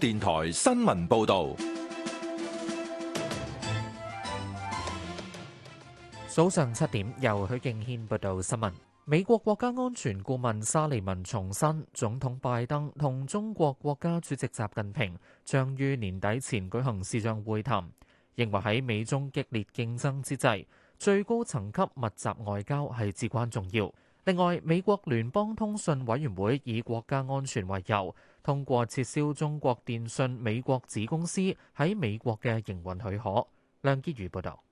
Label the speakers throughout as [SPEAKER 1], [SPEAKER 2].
[SPEAKER 1] 電台新聞報道，
[SPEAKER 2] 早上七點由許敬軒報道新聞。美國國家安全顧問沙利文重申，總統拜登同中國國家主席習近平將於年底前舉行視像會談，認為喺美中激烈競爭之際，最高層級密集外交係至關重要。另外，美國聯邦通訊委員會以國家安全為由，通過撤銷中國電信美國子公司喺美國嘅營運許可。梁潔如報道。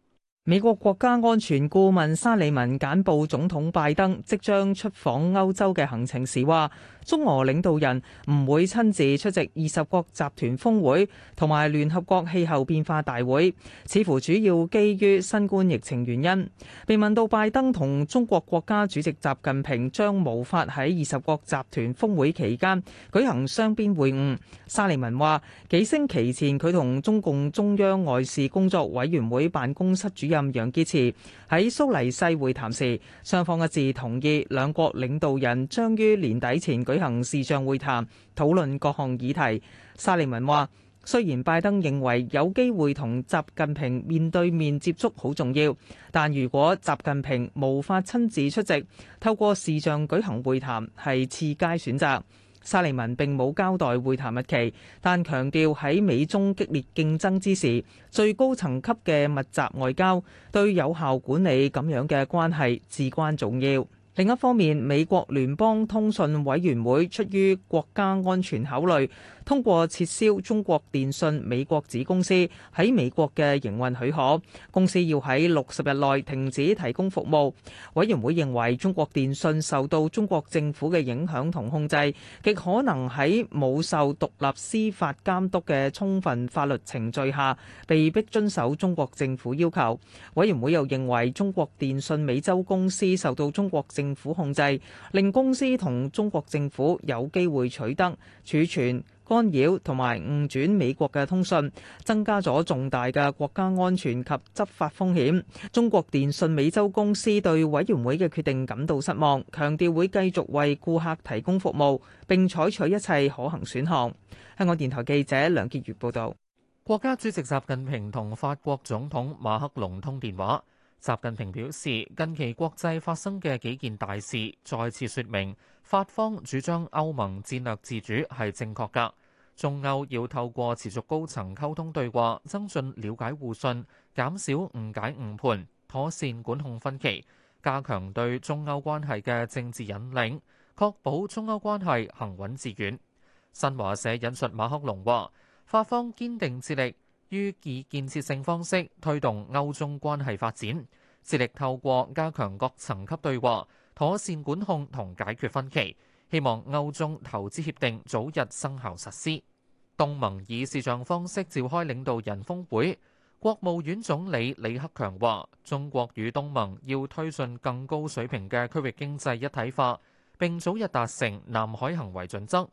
[SPEAKER 1] 美國國家安全顧問沙利文簡報總統拜登即將出訪歐洲嘅行程時，話中俄領導人唔會親自出席二十國集團峰會同埋聯合國氣候變化大會，似乎主要基於新冠疫情原因。被問到拜登同中國國家主席習近平將無法喺二十國集團峰會期間舉行雙邊會晤，沙利文話幾星期前佢同中共中央外事工作委員會辦公室主任。楊潔篪喺蘇黎世會談時，雙方一致同意兩國領導人將於年底前舉行視像會談，討論各項議題。沙利文話：雖然拜登認為有機會同習近平面對面接觸好重要，但如果習近平無法親自出席，透過視像舉行會談係次佳選擇。沙利文並冇交代會談日期，但強調喺美中激烈競爭之時，最高層級嘅密集外交對有效管理咁樣嘅關係至關重要。另一方面，美國聯邦通訊委員會出於國家安全考慮，通過撤銷中國電信美國子公司喺美國嘅營運許可，公司要喺六十日內停止提供服務。委員會認為中國電信受到中國政府嘅影響同控制，極可能喺冇受獨立司法監督嘅充分法律程序下，被逼遵守中國政府要求。委員會又認為中國電信美洲公司受到中國政府控制，令公司同中國政府有機會取得儲存、干擾同埋誤轉美國嘅通訊，增加咗重大嘅國家安全及執法風險。中國電信美洲公司對委員會嘅決定感到失望，強調會繼續為顧客提供服務，並採取一切可行選項。香港電台記者
[SPEAKER 2] 梁潔如報導。國家主席習近平同法國總統馬克龍通電話。習近平表示，近期國際發生嘅幾件大事，再次說明法方主張歐盟戰略自主係正確噶，中歐要透過持續高層溝通對話增進了解互信，減少誤解誤判，妥善管控分歧，加強對中歐關係嘅政治引領，確保中歐關係行穩致遠，新華社引述馬克龍話，法方堅定致力。於以建設性方式推動歐中關係發展，致力透過加強各層級對話、妥善管控同解決分歧，希望歐中投資協定早日生效實施。東盟以視像方式召開領導人峰會，國務院總理李克強話：中國與東盟要推進更高水平嘅區域經濟一體化，並早日達成南海行為準則。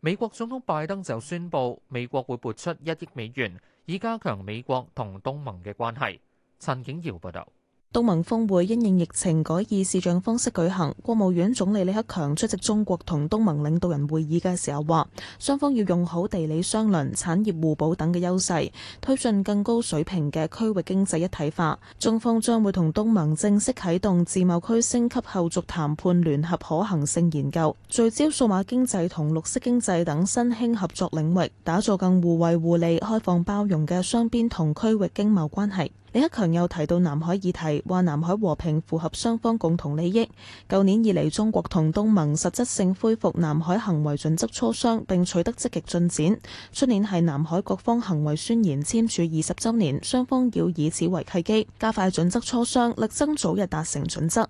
[SPEAKER 2] 美國總統拜登就宣布，美國會撥出一億美元。以加強美國同東盟嘅關係。陳景耀報導。
[SPEAKER 3] 東盟峰會因應疫情改以視像方式舉行。國務院總理李克強出席中國同東盟領導人會議嘅時候話，雙方要用好地理相鄰、產業互補等嘅優勢，推進更高水平嘅區域經濟一體化。中方將會同東盟正式啟動自貿區升級後續談判聯合可行性研究，聚焦數碼經濟同綠色經濟等新興合作領域，打造更互惠互利、開放包容嘅雙邊同區域經貿關係。李克強又提到南海議題，話南海和平符合雙方共同利益。舊年以嚟，中國同東盟實質性恢復南海行為準則磋商並取得積極進展。出年係南海各方行為宣言簽署二十週年，雙方要以此為契機，加快準則磋商，力爭早日達成準則。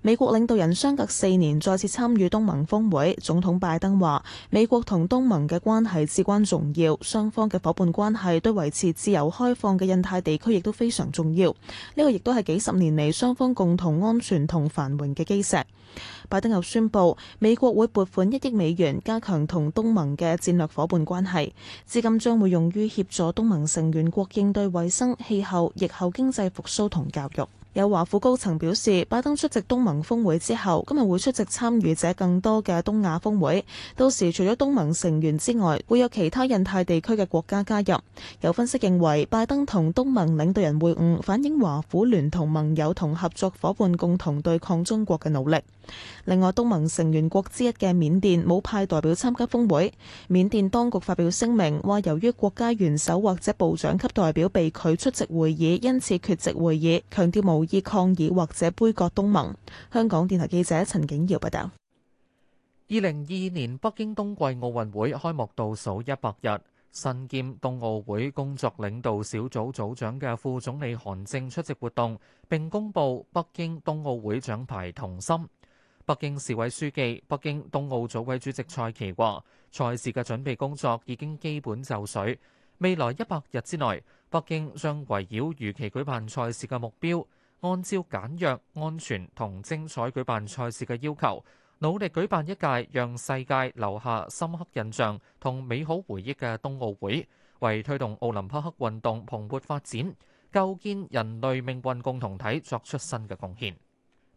[SPEAKER 3] 美國領導人相隔四年再次參與東盟峰會，總統拜登話美國同東盟嘅關係至關重要，雙方嘅伙伴關係對維持自由開放嘅印太地區亦都非常非常重要，呢個亦都係幾十年嚟雙方共同安全同繁榮嘅基石。拜登又宣布，美國會撥款一億美元加強同東盟嘅戰略夥伴關係，資金將會用於協助東盟成員國應對衛生、氣候、疫後經濟復蘇同教育。有華府高層表示，拜登出席東盟峰會之後，今日會出席參與者更多嘅東亞峰會，到時除咗東盟成員之外，會有其他印太地區嘅國家加入。有分析認為，拜登同東盟領導人會晤，反映華府聯同盟友同合作夥伴共同對抗中國嘅努力。另外，東盟成員國之一嘅緬甸冇派代表參加峰會。緬甸當局發表聲明話，由於國家元首或者部長級代表被拒，拒出席會議，因此缺席會議，強調無意抗議或者杯葛東盟。香港電台記者陳景耀報道。
[SPEAKER 2] 二零二二年北京冬季奧運會開幕倒數一百日，申辦冬奧會工作領導小組組長嘅副總理韓正出席活動，並公布北京冬奧會獎牌同心。北京市委書記、北京冬奧組委主席蔡奇話：賽事嘅準備工作已經基本就緒，未來一百日之內，北京將圍繞如期舉辦賽事嘅目標，按照簡約、安全同精彩舉辦賽事嘅要求，努力舉辦一屆讓世界留下深刻印象同美好回憶嘅冬奧會，為推動奧林匹克運動蓬勃發展、構建人類命運共同體作出新嘅貢獻。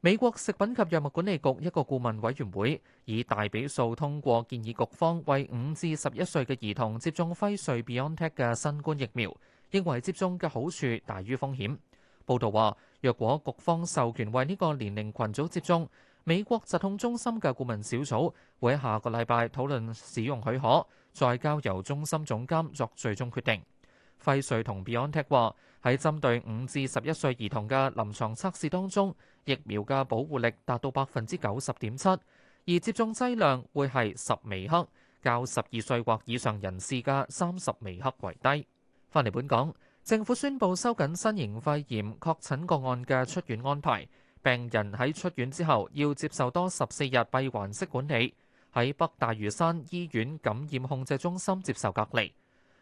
[SPEAKER 2] 美國食品及藥物管理局一個顧問委員會以大比數通過建議局方為五至十一歲嘅兒童接種輝瑞 Biontech 嘅新冠疫苗，認為接種嘅好處大於風險。報道話，若果局方授權為呢個年齡群組接種，美國疾控中心嘅顧問小組會喺下個禮拜討論使用許可，再交由中心總監作最終決定。輝瑞同 Biontech 話，喺針對五至十一歲兒童嘅臨床測試當中，疫苗嘅保護力達到百分之九十點七，而接種劑量會係十微克，較十二歲或以上人士嘅三十微克為低。翻嚟本港，政府宣布收緊新型肺炎確診個案嘅出院安排，病人喺出院之後要接受多十四日閉環式管理，喺北大嶼山醫院感染控制中心接受隔離。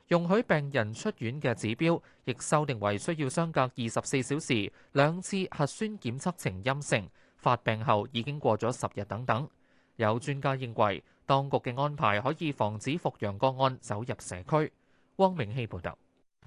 [SPEAKER 2] 容許病人出院嘅指標，亦修訂為需要相隔二十四小時兩次核酸檢測呈陰性，發病後已經過咗十日等等。有專家認為，當局嘅安排可以防止復陽個案走入社區。汪明希報道。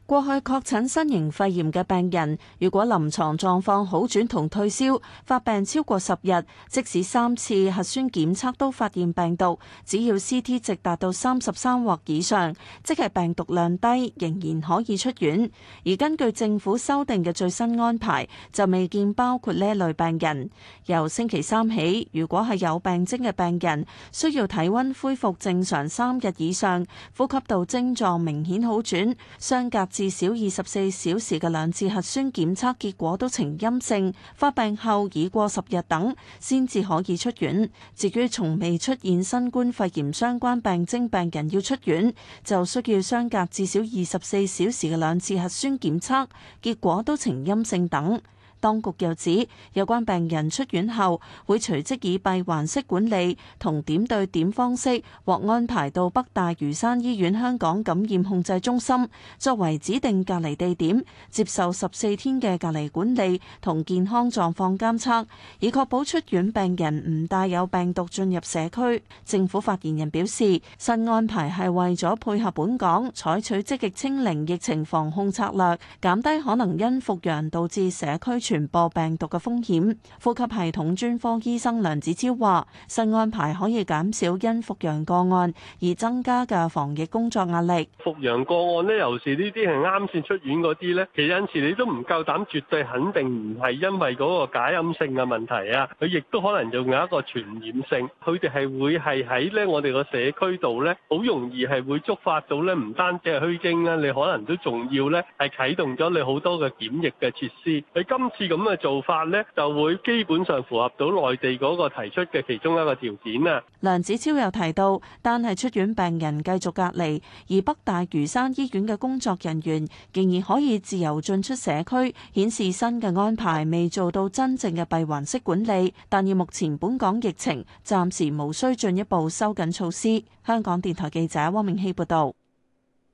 [SPEAKER 4] 過去確診新型肺炎嘅病人，如果臨床狀況好轉同退燒，發病超過十日，即使三次核酸檢測都發現病毒，只要 CT 值達到三十三或以上，即係病毒量低，仍然可以出院。而根據政府修訂嘅最新安排，就未見包括呢類病人。由星期三起，如果係有病徵嘅病人，需要體溫恢復正常三日以上，呼吸道症狀明顯好轉，相隔至少二十四小時嘅兩次核酸檢測結果都呈陰性，發病後已過十日等，先至可以出院。至於從未出現新冠肺炎相關病徵病人要出院，就需要相隔至少二十四小時嘅兩次核酸檢測，結果都呈陰性等。當局又指，有關病人出院後會隨即以閉環式管理同點對點方式，獲安排到北大嶼山醫院香港感染控制中心作為指定隔離地點，接受十四天嘅隔離管理同健康狀況監測，以確保出院病人唔帶有病毒進入社區。政府發言人表示，新安排係為咗配合本港採取積極清零疫情防控策略，減低可能因復陽導致社區傳播病毒嘅風險，呼吸系統專科醫生梁子超話：新安排可以減少因復陽個案而增加嘅防疫工作壓力。
[SPEAKER 2] 復陽個案呢，尤其呢啲係啱先出院嗰啲呢，其實有時你都唔夠膽絕對肯定唔係因為嗰個假陰性嘅問題啊，佢亦都可能仲有一個傳染性，佢哋係會係喺呢我哋個社區度呢，好容易係會觸發到呢，唔單止係虛驚啊，你可能都仲要呢，係啟動咗你好多嘅檢疫嘅設施喺今。啲咁嘅做法呢，就會基本上符合到內地嗰個提出嘅其中一個條件啊，
[SPEAKER 4] 梁子超又提到，但係出院病人繼續隔離，而北大嶼山醫院嘅工作人員仍然可以自由進出社區，顯示新嘅安排未做到真正嘅閉環式管理。但以目前本港疫情暫時無需進一步收緊措施。香港電台記者汪明熙報導。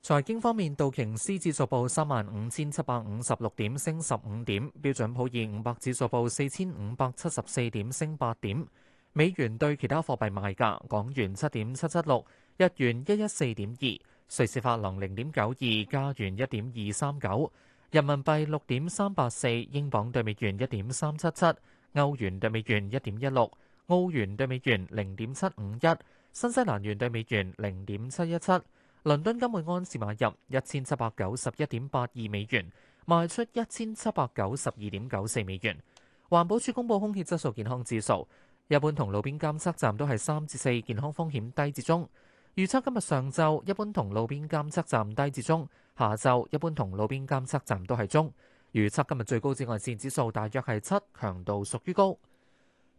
[SPEAKER 4] 財經
[SPEAKER 2] 方面，道瓊斯指數報三萬五千七百五十六點，升十五點；標準普爾五百指數報四千五百七十四點，升八點。美元對其他貨幣賣價：港元七點七七六，日元一一四點二，瑞士法郎零點九二，加元一點二三九，人民幣六點三八四，英鎊對美元一點三七七，歐元對美元一點一六，澳元對美元零點七五一，新西蘭元對美元零點七一七。倫敦金每安士買入一千七百九十一點八二美元，賣出一千七百九十二點九四美元。環保署公布空氣質素健康指數，一般同路邊監測站都係三至四，健康風險低至中。預測今日上晝一般同路邊監測站低至中，下晝一般同路邊監測站都係中。預測今日最高紫外線指數大約係七，強度屬於高。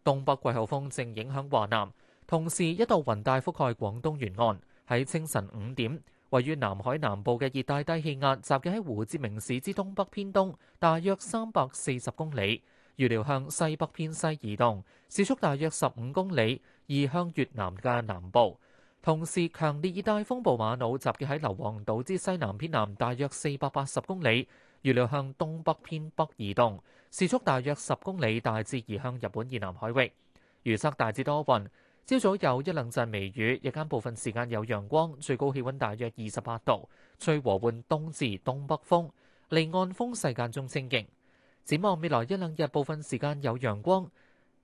[SPEAKER 2] 東北季候風正影響華南，同時一道雲帶覆蓋廣東沿岸。喺清晨五點，位於南海南部嘅熱帶低氣壓，集結喺胡志明市之東北偏東，大約三百四十公里，預料向西北偏西移動，時速大約十五公里，移向越南嘅南部。同時，強烈熱帶風暴瑪瑙，集結喺硫磺島之西南偏南，大約四百八十公里，預料向東北偏北移動，時速大約十公里，大致移向日本以南海域。預測大致多雲。朝早有一兩陣微雨，日間部分時間有陽光，最高氣溫大約二十八度，吹和緩東至東北風，離岸風勢間中清勁。展望未來一兩日部分時間有陽光，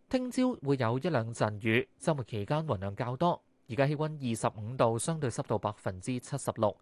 [SPEAKER 2] 聽朝會有一兩陣雨，週末期間雲量較多。而家氣溫二十五度，相對濕度百分之七十六。